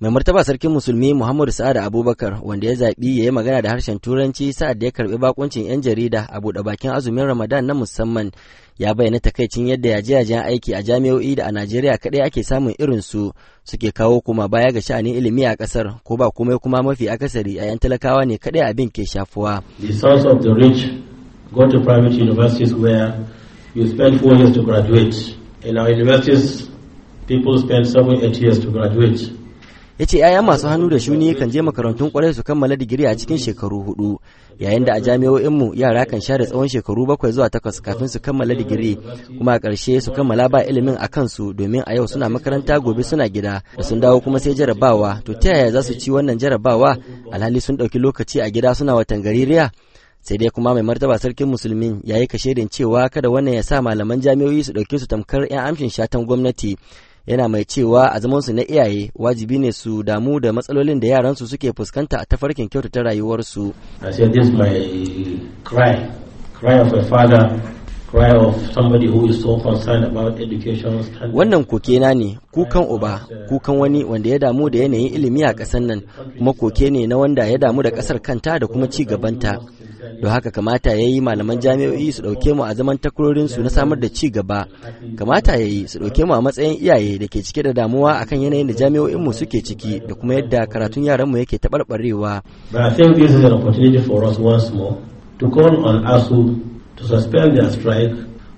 mai martaba sarkin musulmi muhammadu sa'ad abubakar wanda ya zaɓi ya yi magana da harshen turanci sa'ad da ya karɓi bakuncin 'yan jarida a buɗe bakin azumin ramadan na musamman ya bayyana takaicin yadda yaje-yajen aiki a jami'o'i da a najeriya kaɗai ake samun irin su suke kawo kuma baya ga sha'anin ilimi a ƙasar ko ba komai kuma mafi akasari a 'yan talakawa ne kaɗai abin ke shafuwa. the source of the rich go to private universities where you spend four years to graduate in our universities people spend seven eight years to graduate ya ce 'ya'ya masu hannu da shuni kan je makarantun kwarai su kammala digiri a cikin shekaru hudu yayin da a jami'o'inmu yara kan share tsawon shekaru bakwai zuwa takwas kafin su kammala digiri kuma a ƙarshe su kammala ba ilimin a kansu domin a yau suna makaranta gobe suna gida da sun dawo kuma sai jarabawa to ta yaya za su ci wannan jarabawa alhali sun ɗauki lokaci a gida suna watan gaririya sai dai kuma mai martaba sarkin musulmin ya yi kashedin cewa kada wannan ya sa malaman jami'o'i su ɗauke su tamkar 'yan amshin shatan gwamnati yana mai cewa a su na iyaye wajibi ne su damu da matsalolin da yaransu suke fuskanta a tafarkin kyautata rayuwarsu. I said this my cry, cry Wannan kokena ne, kukan uba, kukan wani wanda ya damu da yanayin ilimi a ƙasar nan, kuma koke ne na wanda ya damu da kasar kanta da kuma ci gabanta. don haka kamata ya yi malaman jami'o'i su ɗauke mu a zaman su na samar da ci gaba kamata ya yi su ɗauke mu a matsayin iyaye da ke cike da damuwa akan yanayin da jami'o'inmu suke ciki da kuma yadda karatun yaranmu yake taɓarɓarewa on to suspend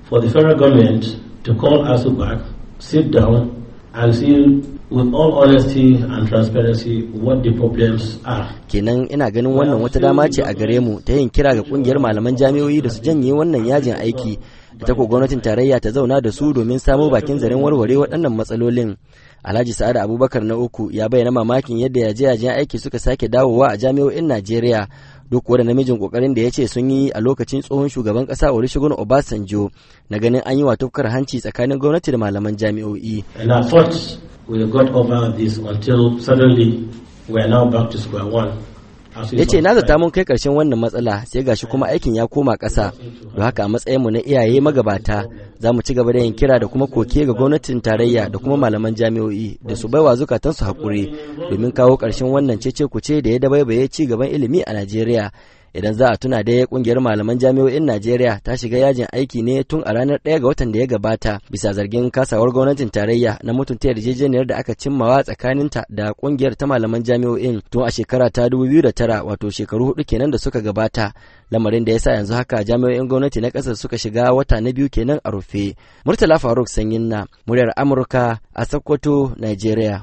for the federal government to call ASU back, sit down, and see with all honesty and transparency what the problems are. Kenan ina ganin wannan wata dama ce a gare mu ta yin kira ga kungiyar malaman jami'o'i da su janye wannan yajin aiki da ta gwamnatin tarayya ta zauna da su domin samo bakin zaren warware waɗannan matsalolin. Alhaji Sa'ad Abubakar na uku ya bayyana mamakin yadda yaje yajen aiki suka sake dawowa a jami'o'in Najeriya duk da namijin kokarin da ya ce sun yi a lokacin tsohon shugaban kasa Olusegun Obasanjo na ganin an yi wa tufkar hanci tsakanin gwamnati da malaman jami'o'i. we got over this until ya na zata mun kai karshen wannan matsala sai gashi kuma aikin ya koma ƙasa don haka a matsayinmu na iyaye magabata za mu ci gaba da yin kira da kuma koke ga gwamnatin tarayya da kuma malaman jami'o'i da su baiwa zukatansu haƙuri domin kawo ƙarshen wannan cece kuce da ya dabaibaye ci gaban ilimi a najeriya idan za a tuna dai kungiyar malaman jami'o'in najeriya ta shiga yajin aiki ne tun a ranar ɗaya ga watan da ya gabata bisa zargin kasawar gwamnatin tarayya na mutunta yarjejeniyar da aka cimmawa ta da kungiyar ta malaman jami'o'in tun a shekara ta 2009 wato shekaru hudu kenan da suka gabata lamarin da yasa yanzu haka jami'o'in gwamnati na kasar suka shiga wata na biyu kenan a rufe murtala faruk sanyin na muryar amurka a sokoto najeriya